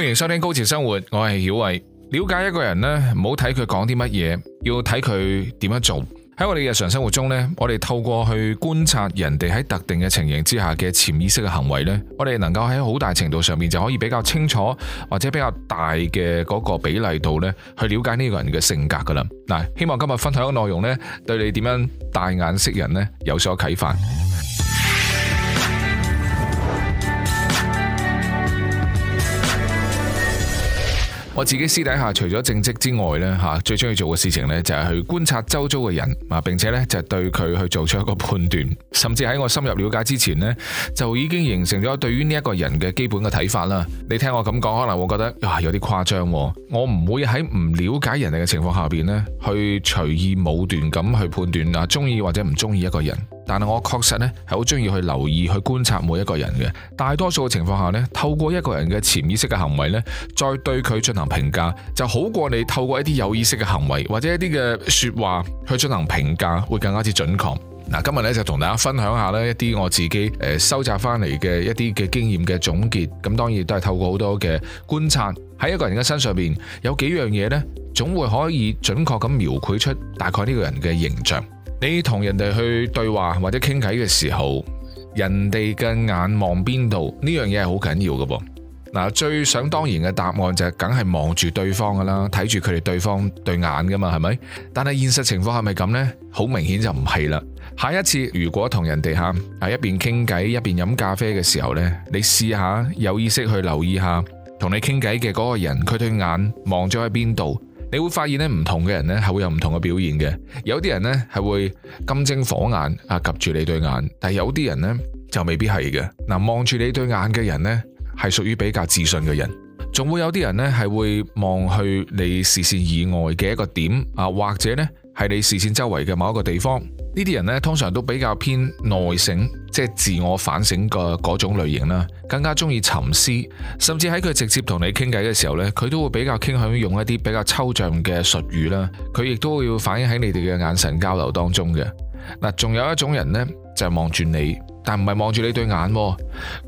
歡迎收聽高潮生活，我係曉偉。了解一個人呢，唔好睇佢講啲乜嘢，要睇佢點樣做。喺我哋日常生活中呢，我哋透過去觀察人哋喺特定嘅情形之下嘅潛意識嘅行為呢，我哋能夠喺好大程度上面就可以比較清楚或者比較大嘅嗰個比例度呢，去了解呢個人嘅性格噶啦。嗱，希望今日分享嘅內容呢，對你點樣帶眼識人呢有所啟發。我自己私底下除咗正職之外呢，吓最中意做嘅事情呢，就係去觀察周遭嘅人啊，並且呢，就對佢去做出一個判斷，甚至喺我深入了解之前呢，就已經形成咗對於呢一個人嘅基本嘅睇法啦。你聽我咁講，可能會覺得有啲誇張。我唔會喺唔了解人哋嘅情況下邊呢，去隨意武斷咁去判斷啊中意或者唔中意一個人。但係我確實咧係好中意去留意去觀察每一個人嘅。大多數嘅情況下咧，透過一個人嘅潛意識嘅行為咧，再對佢進行評價，就好過你透過一啲有意識嘅行為或者一啲嘅說話去進行評價，會更加之準確。嗱，今日呢，就同大家分享下呢一啲我自己誒收集翻嚟嘅一啲嘅經驗嘅總結。咁當然都係透過好多嘅觀察喺一個人嘅身上邊，有幾樣嘢呢，總會可以準確咁描繪出大概呢個人嘅形象。你同人哋去對話或者傾偈嘅時候，人哋嘅眼望邊度？呢樣嘢係好緊要嘅噃。嗱，最想當然嘅答案就係，梗係望住對方噶啦，睇住佢哋對方對眼噶嘛，係咪？但係現實情況係咪咁呢？好明顯就唔係啦。下一次如果同人哋喊，喺一邊傾偈一邊飲咖啡嘅時候呢，你試下有意識去留意下，同你傾偈嘅嗰個人，佢對眼望咗喺邊度？你會發現咧，唔同嘅人咧係會有唔同嘅表現嘅。有啲人咧係會金睛火眼啊，及住你對眼，但係有啲人咧就未必係嘅。嗱，望住你對眼嘅人咧係屬於比較自信嘅人，仲會有啲人咧係會望去你視線以外嘅一個點啊，或者咧係你視線周圍嘅某一個地方。呢啲人呢，通常都比較偏內省，即係自我反省嘅嗰種類型啦，更加中意沉思，甚至喺佢直接同你傾偈嘅時候呢，佢都會比較傾向用一啲比較抽象嘅術語啦。佢亦都會反映喺你哋嘅眼神交流當中嘅。嗱，仲有一種人呢，就係望住你，但唔係望住你對眼，佢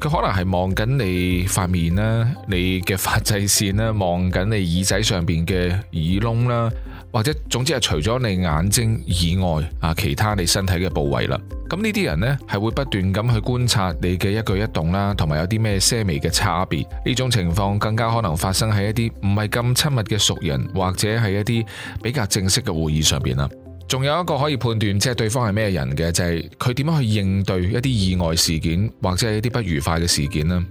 可能係望緊你塊面啦，你嘅髮際線啦，望緊你耳仔上邊嘅耳窿啦。或者，總之係除咗你眼睛以外，啊，其他你身體嘅部位啦。咁呢啲人呢，係會不斷咁去觀察你嘅一舉一動啦，同埋有啲咩些微嘅差別。呢種情況更加可能發生喺一啲唔係咁親密嘅熟人，或者係一啲比較正式嘅會議上邊啦。仲有一個可以判斷即係、就是、對方係咩人嘅，就係佢點樣去應對一啲意外事件，或者係一啲不愉快嘅事件啦。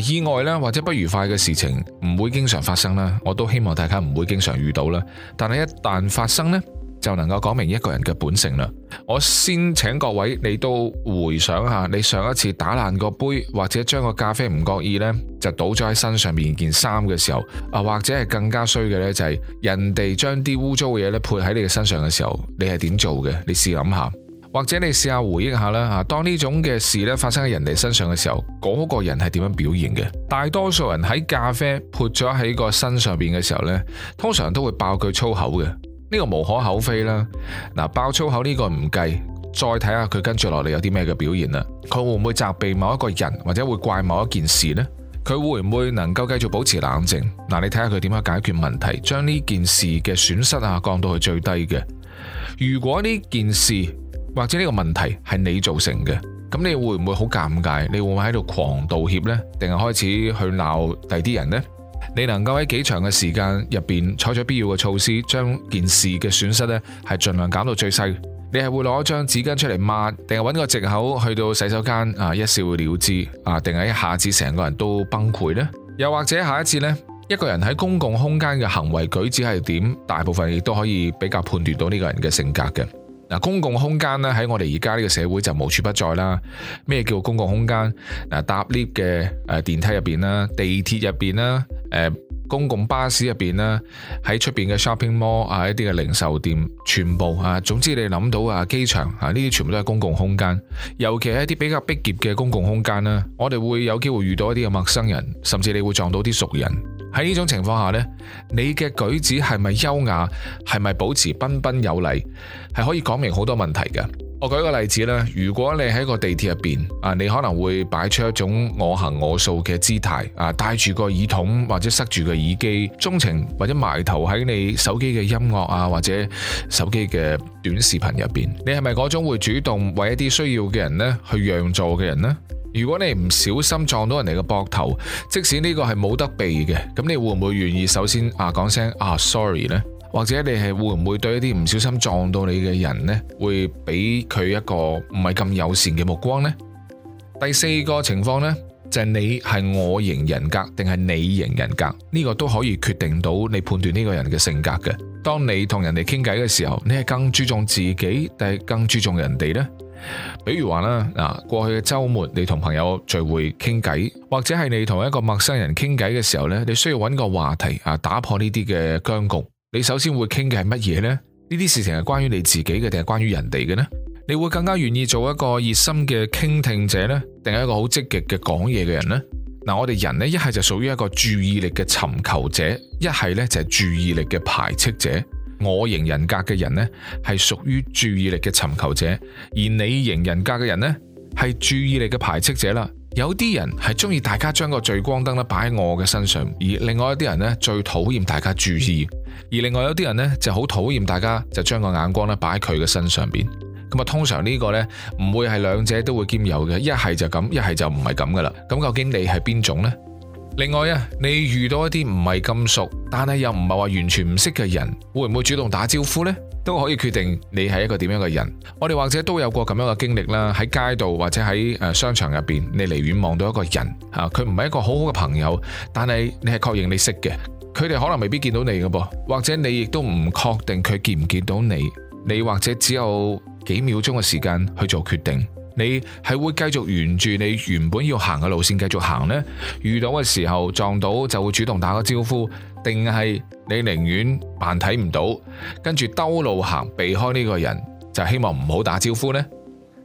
意外咧，或者不愉快嘅事情唔會經常發生啦，我都希望大家唔會經常遇到啦。但係一旦發生咧，就能夠講明一個人嘅本性啦。我先請各位，你都回想下，你上一次打爛個杯或者將個咖啡唔覺意咧就倒咗喺身上面件衫嘅時候，啊或者係更加衰嘅咧就係人哋將啲污糟嘅嘢咧潑喺你嘅身上嘅時候，你係點做嘅？你試諗下。或者你試下回憶下啦，吓，當呢種嘅事咧發生喺人哋身上嘅時候，嗰個人係點樣表現嘅？大多數人喺咖啡潑咗喺個身上邊嘅時候呢，通常都會爆佢粗口嘅。呢個無可厚非啦。嗱，爆粗口呢個唔計，再睇下佢跟住落嚟有啲咩嘅表現啦。佢會唔會責備某一個人，或者會怪某一件事呢？佢會唔會能夠繼續保持冷靜？嗱，你睇下佢點樣解決問題，將呢件事嘅損失啊降到去最低嘅。如果呢件事，或者呢個問題係你造成嘅，咁你會唔會好尷尬？你會唔會喺度狂道歉呢？定係開始去鬧第啲人呢？你能夠喺幾長嘅時間入邊採取必要嘅措施，將件事嘅損失呢係盡量減到最細？你係會攞一張紙巾出嚟抹，定係揾個藉口去到洗手間啊一笑了之啊？定係一下子成個人都崩潰呢？又或者下一次呢，一個人喺公共空間嘅行為舉止係點，大部分亦都可以比較判斷到呢個人嘅性格嘅。嗱，公共空間咧喺我哋而家呢個社會就無處不在啦。咩叫公共空間？嗱，搭 lift 嘅誒電梯入邊啦，地鐵入邊啦，誒公共巴士入邊啦，喺出邊嘅 shopping mall 啊，一啲嘅零售店，全部啊，總之你諗到啊，機場啊，呢啲全部都係公共空間。尤其係一啲比較逼夾嘅公共空間啦，我哋會有機會遇到一啲嘅陌生人，甚至你會撞到啲熟人。喺呢種情況下呢，你嘅舉止係咪優雅，係咪保持彬彬有禮，係可以講明好多問題嘅。我舉個例子啦，如果你喺個地鐵入邊啊，你可能會擺出一種我行我素嘅姿態啊，戴住個耳筒或者塞住個耳機，鍾情或者埋頭喺你手機嘅音樂啊或者手機嘅短視頻入邊，你係咪嗰種會主動為一啲需要嘅人呢去讓座嘅人呢？如果你唔小心撞到人哋個膊頭，即使呢個係冇得避嘅，咁你會唔會願意首先啊講聲啊 sorry 呢？或者你係會唔會對一啲唔小心撞到你嘅人呢？會俾佢一個唔係咁友善嘅目光呢？第四個情況呢，就係你係我型人格定係你型人格，呢個都可以決定到你判斷呢個人嘅性格嘅。當你同人哋傾偈嘅時候，你係更注重自己，定係更注重人哋呢？比如話啦，嗱，過去嘅周末你同朋友聚會傾偈，或者係你同一個陌生人傾偈嘅時候咧，你需要揾個話題啊，打破呢啲嘅僵局。你首先會傾嘅係乜嘢呢？呢啲事情係關於你自己嘅定係關於人哋嘅呢？你會更加願意做一個熱心嘅傾聽者呢？定係一個好積極嘅講嘢嘅人呢？嗱，我哋人呢，一係就屬於一個注意力嘅尋求者，一係呢就係注意力嘅排斥者。我型人格嘅人呢，係屬於注意力嘅尋求者；而你型人格嘅人呢，係注意力嘅排斥者啦。有啲人係中意大家將個聚光燈咧擺喺我嘅身上，而另外一啲人呢最討厭大家注意；而另外有啲人呢就好討厭大家就將個眼光咧擺喺佢嘅身上面。咁啊，通常呢個呢，唔會係兩者都會兼有嘅，一係就咁，一係就唔係咁噶啦。咁究竟你係邊種呢？另外啊，你遇到一啲唔係咁熟，但係又唔係話完全唔識嘅人，會唔會主動打招呼呢？都可以決定你係一個點樣嘅人。我哋或者都有過咁樣嘅經歷啦。喺街道或者喺商場入邊，你離遠望到一個人啊，佢唔係一個好好嘅朋友，但係你係確認你識嘅。佢哋可能未必見到你嘅噃，或者你亦都唔確定佢見唔見到你。你或者只有幾秒鐘嘅時間去做決定。你係會繼續沿住你原本要行嘅路線繼續行呢？遇到嘅時候撞到就會主動打個招呼，定係你寧願扮睇唔到，跟住兜路行避開呢個人，就希望唔好打招呼呢？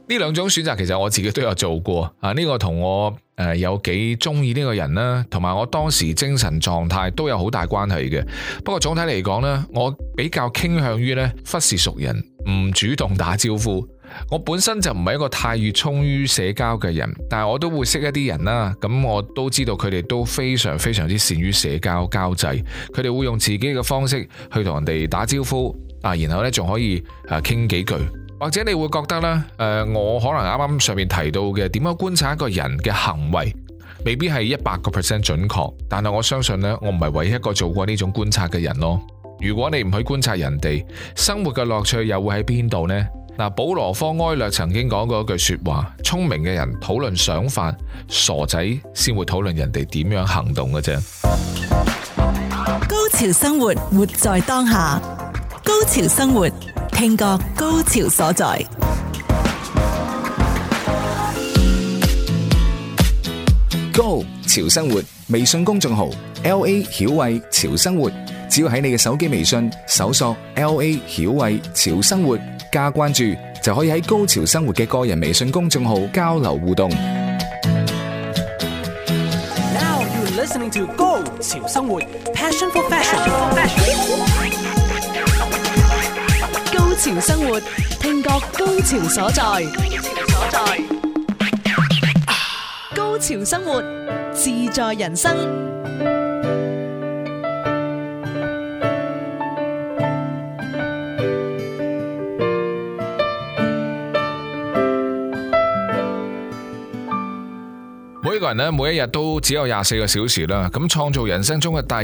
呢兩種選擇其實我自己都有做過啊。呢個同我誒有幾中意呢個人啦，同埋我當時精神狀態都有好大關係嘅。不過總體嚟講呢，我比較傾向於呢忽視熟人，唔主動打招呼。我本身就唔係一個太熱衷於社交嘅人，但係我都會識一啲人啦。咁我都知道佢哋都非常非常之善於社交交際，佢哋會用自己嘅方式去同人哋打招呼啊，然後呢仲可以啊傾幾句。或者你會覺得呢，誒，我可能啱啱上面提到嘅點樣觀察一個人嘅行為，未必係一百個 percent 準確，但係我相信呢，我唔係唯一一個做過呢種觀察嘅人咯。如果你唔去觀察人哋，生活嘅樂趣又會喺邊度呢？嗱，保羅·科埃略曾經講過一句說話：聰明嘅人討論想法，傻仔先會討論人哋點樣行動嘅啫。高潮生活，活在當下。高潮生活，聽覺高潮所在。Go！潮生活微信公眾號：L A 曉慧潮生活。只要喺你嘅手機微信搜索 L A 曉慧潮生活加關注，就可以喺高潮生活嘅個人微信公眾號交流互動。Now you're listening to 高潮生活，Passion for Fashion。高潮生活，聽覺高潮所在。高潮生活，自在人生。咧每一日都只有廿四個小時啦，咁創造人生中嘅第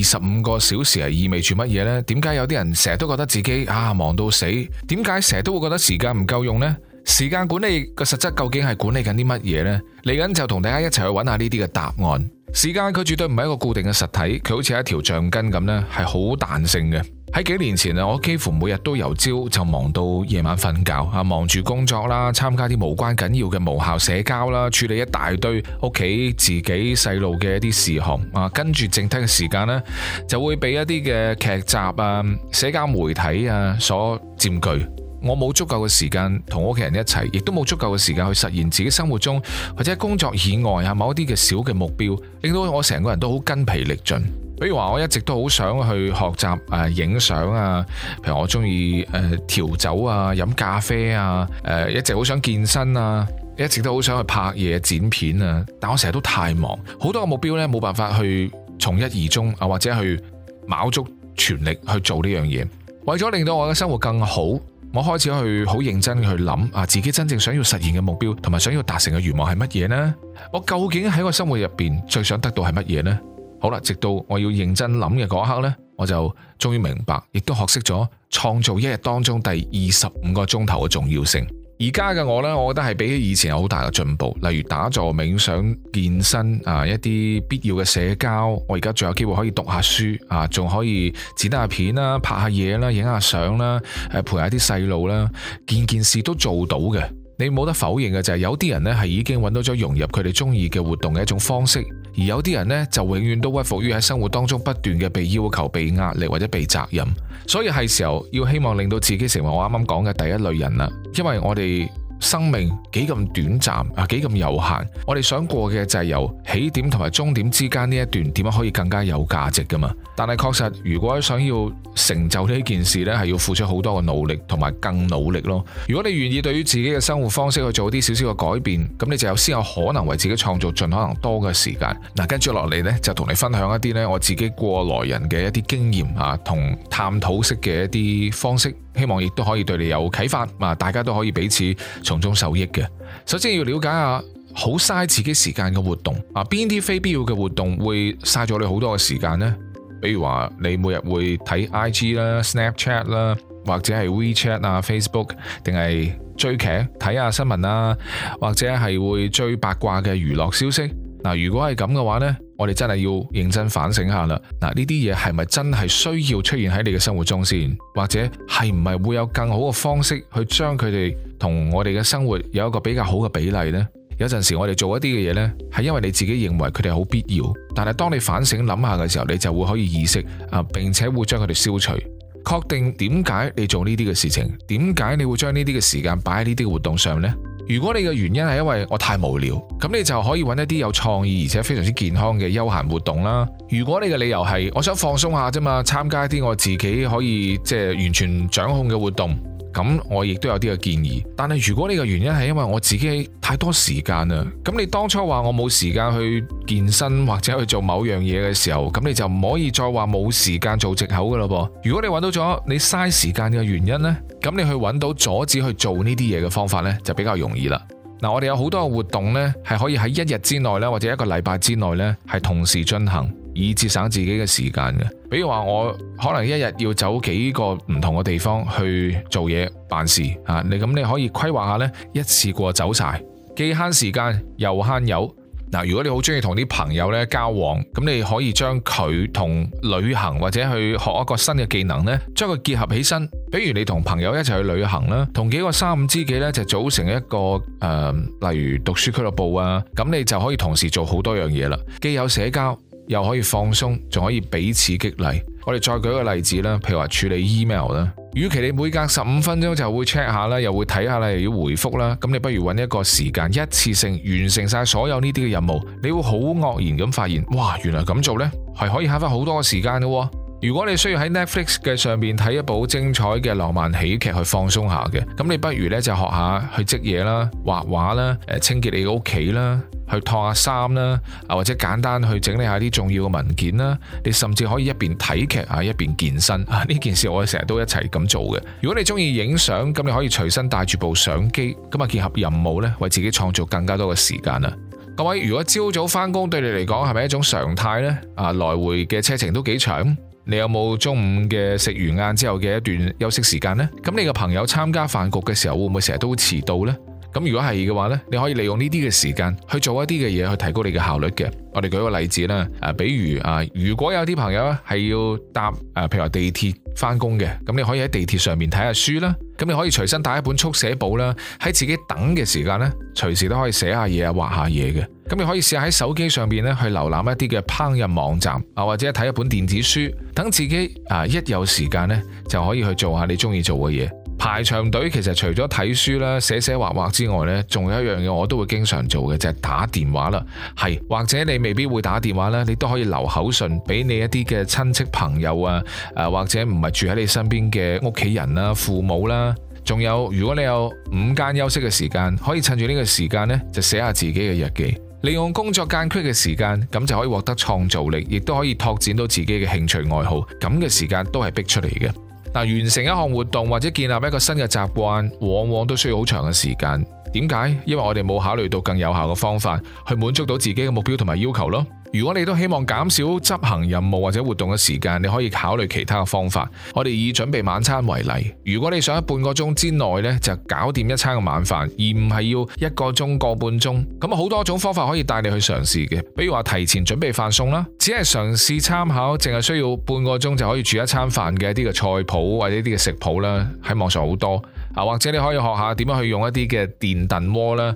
二十五個小時係意味住乜嘢呢？點解有啲人成日都覺得自己啊忙到死？點解成日都會覺得時間唔夠用呢？時間管理嘅實質究竟係管理緊啲乜嘢呢？嚟緊就同大家一齊去搵下呢啲嘅答案。時間佢絕對唔係一個固定嘅實體，佢好似一條橡筋咁呢，係好彈性嘅。喺幾年前啊，我幾乎每日都由朝就忙到夜晚瞓覺啊，忙住工作啦，參加啲無關緊要嘅無效社交啦，處理一大堆屋企自己細路嘅一啲事項啊，跟住剩低嘅時間呢，就會俾一啲嘅劇集啊、社交媒體啊所佔據。我冇足夠嘅時間同屋企人一齊，亦都冇足夠嘅時間去實現自己生活中或者工作以外啊某一啲嘅小嘅目標，令到我成個人都好筋疲力盡。比如話我一直都好想去學習誒影相啊，譬如我中意誒調酒啊、飲咖啡啊，誒、呃、一直好想健身啊，一直都好想去拍嘢剪片啊，但我成日都太忙，好多嘅目標呢，冇辦法去從一而終啊，或者去卯足全力去做呢樣嘢。為咗令到我嘅生活更好，我開始去好認真去諗啊，自己真正想要實現嘅目標，同埋想要達成嘅願望係乜嘢呢？我究竟喺我生活入邊最想得到係乜嘢呢？好啦，直到我要認真諗嘅嗰刻呢，我就終於明白，亦都學識咗創造一日當中第二十五個鐘頭嘅重要性。而家嘅我呢，我覺得係比起以前有好大嘅進步。例如打坐、冥想、健身啊，一啲必要嘅社交。我而家仲有機會可以讀下書啊，仲可以剪下片啦、拍下嘢啦、影下相啦，誒，陪下啲細路啦，件件事都做到嘅。你冇得否認嘅就係有啲人呢係已經揾到咗融入佢哋中意嘅活動嘅一種方式。而有啲人呢，就永遠都屈服於喺生活當中不斷嘅被要求、被壓力或者被責任，所以係時候要希望令到自己成為我啱啱講嘅第一類人啦，因為我哋。生命幾咁短暫啊，幾咁有限，我哋想過嘅就係由起點同埋終點之間呢一段點樣可以更加有價值噶嘛？但係確實，如果想要成就呢件事呢，係要付出好多嘅努力同埋更努力咯。如果你願意對於自己嘅生活方式去做啲少少嘅改變，咁你就有先有可能為自己創造盡可能多嘅時間。嗱，跟住落嚟呢，就同你分享一啲呢我自己過來人嘅一啲經驗啊，同探討式嘅一啲方式。希望亦都可以對你有啟發，啊，大家都可以彼此從中受益嘅。首先要了解下，好嘥自己時間嘅活動啊，邊啲非必要嘅活動會嘥咗你好多嘅時間呢？比如話你每日會睇 IG 啦、Snapchat 啦，或者係 WeChat 啊、Facebook，定係追劇、睇下新聞啦，或者係會追八卦嘅娛樂消息。嗱，如果係咁嘅話呢。我哋真係要認真反省下啦。嗱，呢啲嘢，係咪真係需要出現喺你嘅生活中先？或者係唔係會有更好嘅方式去將佢哋同我哋嘅生活有一個比較好嘅比例呢？有陣時我哋做一啲嘅嘢呢，係因為你自己認為佢哋好必要，但係當你反省諗下嘅時候，你就會可以意識啊，並且會將佢哋消除，確定點解你做呢啲嘅事情，點解你會將呢啲嘅時間擺喺呢啲活動上呢？如果你嘅原因係因為我太無聊，咁你就可以揾一啲有創意而且非常之健康嘅休閒活動啦。如果你嘅理由係我想放鬆下啫嘛，參加啲我自己可以即係完全掌控嘅活動。咁我亦都有啲嘅建議，但係如果呢個原因係因為我自己太多時間啦，咁你當初話我冇時間去健身或者去做某樣嘢嘅時候，咁你就唔可以再話冇時間做借口噶咯噃。如果你揾到咗你嘥時間嘅原因呢，咁你去揾到阻止去做呢啲嘢嘅方法呢，就比較容易啦。嗱，我哋有好多嘅活動呢，係可以喺一日之內呢，或者一個禮拜之內呢，係同時進行，以節省自己嘅時間嘅。比如話我可能一日要走幾個唔同嘅地方去做嘢辦事啊，你咁你可以規劃下咧，一次過走晒，既慳時間又慳油。嗱、啊，如果你好中意同啲朋友咧交往，咁你可以將佢同旅行或者去學一個新嘅技能咧，將佢結合起身。比如你同朋友一齊去旅行啦，同幾個三五知己咧就組成一個誒、呃，例如讀書俱樂部啊，咁你就可以同時做好多樣嘢啦，既有社交。又可以放鬆，仲可以彼此激勵。我哋再舉個例子啦，譬如話處理 email 啦，與其你每隔十五分鐘就會 check 下啦，又會睇下啦，又要回覆啦，咁你不如搵一個時間一次性完成晒所有呢啲嘅任務，你會好愕然咁發現，哇，原來咁做呢？係可以慳翻好多嘅時間㗎喎。如果你需要喺 Netflix 嘅上面睇一部精彩嘅浪漫喜劇去放鬆下嘅，咁你不如咧就學下去織嘢啦、畫畫啦、誒清潔你嘅屋企啦、去熨下衫啦，啊或者簡單去整理下啲重要嘅文件啦，你甚至可以一邊睇劇啊一邊健身啊，呢件事我哋成日都一齊咁做嘅。如果你中意影相，咁你可以隨身帶住部相機，咁啊結合任務咧為自己創造更加多嘅時間啊！各位，如果朝早翻工對你嚟講係咪一種常態呢？啊來回嘅車程都幾長。你有冇中午嘅食完晏之後嘅一段休息時間呢？咁你個朋友參加飯局嘅時候會唔會成日都會遲到呢？咁如果係嘅話呢，你可以利用呢啲嘅時間去做一啲嘅嘢去提高你嘅效率嘅。我哋舉個例子啦，誒，比如啊，如果有啲朋友係要搭誒，譬如話地鐵翻工嘅，咁你可以喺地鐵上面睇下書啦，咁你可以隨身帶一本速寫簿啦，喺自己等嘅時間呢，隨時都可以寫下嘢啊，畫下嘢嘅。咁你可以試下喺手機上邊咧，去瀏覽一啲嘅烹飪網站，啊或者睇一本電子書，等自己啊一有時間呢，就可以去做下你中意做嘅嘢。排長隊其實除咗睇書啦、寫寫畫畫之外呢，仲有一樣嘢我都會經常做嘅，就係、是、打電話啦，係或者你未必會打電話咧，你都可以留口信俾你一啲嘅親戚朋友啊，或者唔係住喺你身邊嘅屋企人啦、父母啦，仲有如果你有午間休息嘅時間，可以趁住呢個時間呢，就寫下自己嘅日記。利用工作間隙嘅時間，咁就可以獲得創造力，亦都可以拓展到自己嘅興趣愛好。咁嘅時間都係逼出嚟嘅。但完成一項活動或者建立一個新嘅習慣，往往都需要好長嘅時間。點解？因為我哋冇考慮到更有效嘅方法去滿足到自己嘅目標同埋要求咯。如果你都希望減少執行任務或者活動嘅時間，你可以考慮其他嘅方法。我哋以準備晚餐為例，如果你想喺半個鐘之內呢，就搞掂一餐嘅晚飯，而唔係要一個鐘個半鐘，咁好多種方法可以帶你去嘗試嘅。比如話提前準備飯餸啦，只係嘗試參考，淨係需要半個鐘就可以煮一餐飯嘅一啲嘅菜譜或者啲嘅食譜啦，喺網上好多啊，或者你可以學下點樣去用一啲嘅電燉鍋啦，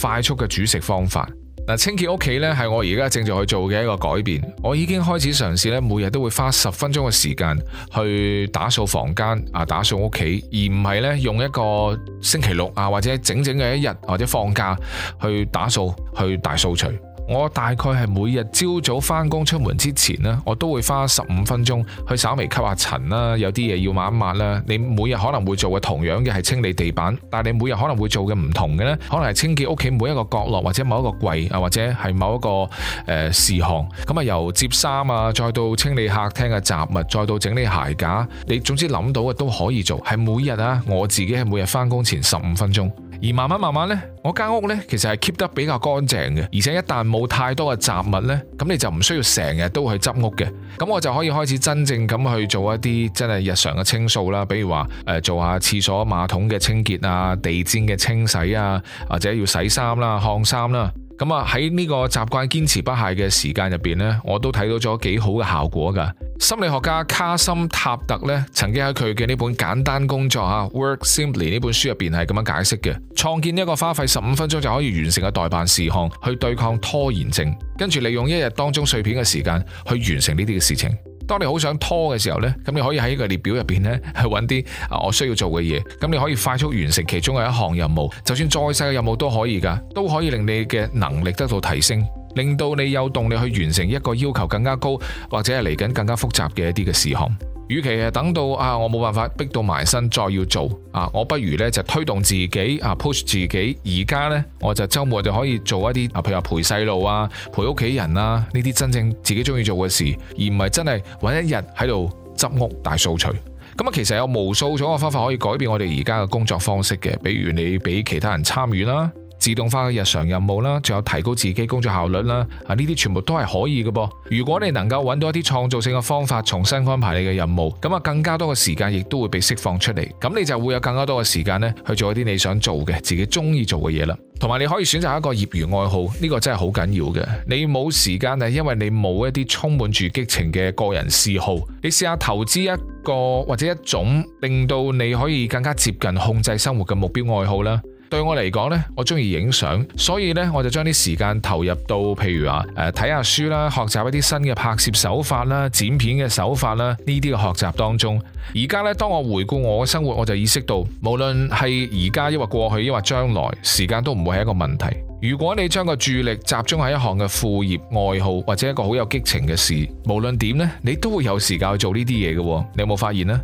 快速嘅煮食方法。清潔屋企咧，係我而家正在去做嘅一個改變，我已經開始嘗試咧，每日都會花十分鐘嘅時間去打掃房間啊，打掃屋企，而唔係咧用一個星期六啊，或者整整嘅一日或者放假去打掃去大掃除。我大概係每日朝早返工出門之前啦，我都會花十五分鐘去稍微吸下塵啦，有啲嘢要抹一抹啦。你每日可能會做嘅同樣嘅係清理地板，但係你每日可能會做嘅唔同嘅呢，可能係清潔屋企每一個角落或者某一個櫃啊，或者係某一個誒、呃、事項。咁啊，由摺衫啊，再到清理客廳嘅雜物，再到整理鞋架，你總之諗到嘅都可以做。係每日啊，我自己係每日返工前十五分鐘。而慢慢慢慢呢，我間屋呢其實係 keep 得比較乾淨嘅，而且一旦冇太多嘅雜物呢，咁你就唔需要成日都去執屋嘅，咁我就可以開始真正咁去做一啲真係日常嘅清掃啦，比如話誒、呃、做下廁所馬桶嘅清潔啊，地氈嘅清洗啊，或者要洗衫啦、烘衫啦。咁啊喺呢個習慣堅持不懈嘅時間入邊咧，我都睇到咗幾好嘅效果噶。心理學家卡森塔特咧，曾經喺佢嘅呢本《簡單工作》啊《Work Simply》呢本書入邊係咁樣解釋嘅：創建一個花費十五分鐘就可以完成嘅待辦事項，去對抗拖延症，跟住利用一日當中碎片嘅時間去完成呢啲嘅事情。當你好想拖嘅時候呢，咁你可以喺呢個列表入邊呢，去揾啲啊我需要做嘅嘢。咁你可以快速完成其中嘅一項任務，就算再細嘅任務都可以噶，都可以令你嘅能力得到提升，令到你有動力去完成一個要求更加高或者係嚟緊更加複雜嘅一啲嘅事項。與其係等到啊，我冇辦法逼到埋身再要做啊，我不如咧就推動自己啊，push 自己。而家呢，我就週末就可以做一啲啊，譬如話陪細路啊、陪屋企人啊呢啲真正自己中意做嘅事，而唔係真係揾一日喺度執屋大掃除。咁、嗯、啊，其實有無數種嘅方法可以改變我哋而家嘅工作方式嘅，比如你俾其他人參與啦。自動化嘅日常任務啦，仲有提高自己工作效率啦，啊呢啲全部都係可以嘅噃。如果你能夠揾到一啲創造性嘅方法，重新安排你嘅任務，咁啊更加多嘅時間亦都會被釋放出嚟。咁你就會有更加多嘅時間呢去做一啲你想做嘅、自己中意做嘅嘢啦。同埋你可以選擇一個業餘愛好，呢個真係好緊要嘅。你冇時間係，因為你冇一啲充滿住激情嘅個人嗜好。你試下投資一個或者一種令到你可以更加接近控制生活嘅目標愛好啦。對我嚟講呢，我中意影相，所以呢，我就將啲時間投入到譬如話誒睇下書啦、學習一啲新嘅拍攝手法啦、剪片嘅手法啦呢啲嘅學習當中。而家呢，當我回顧我嘅生活，我就意識到，無論係而家抑或過去抑或將來，時間都唔會係一個問題。如果你將個注意力集中喺一項嘅副業愛好或者一個好有激情嘅事，無論點呢，你都會有時間去做呢啲嘢嘅。你有冇發現呢？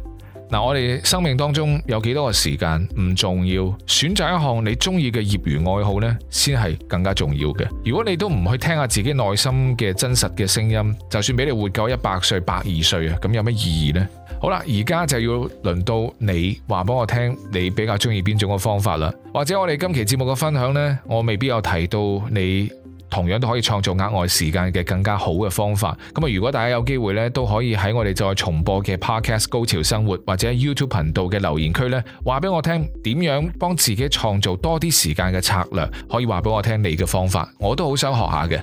嗱，我哋生命當中有幾多個時間唔重要，選擇一項你鍾意嘅業餘愛好呢，先係更加重要嘅。如果你都唔去聽下自己內心嘅真實嘅聲音，就算俾你活夠一百歲、百二歲啊，咁有咩意義呢？好啦，而家就要輪到你話幫我聽，你比較鍾意邊種嘅方法啦。或者我哋今期節目嘅分享呢，我未必有提到你。同樣都可以創造額外時間嘅更加好嘅方法。咁啊，如果大家有機會咧，都可以喺我哋再重播嘅 Podcast《高潮生活》或者 YouTube 頻道嘅留言區咧，話俾我聽點樣幫自己創造多啲時間嘅策略，可以話俾我聽你嘅方法，我都好想學下嘅。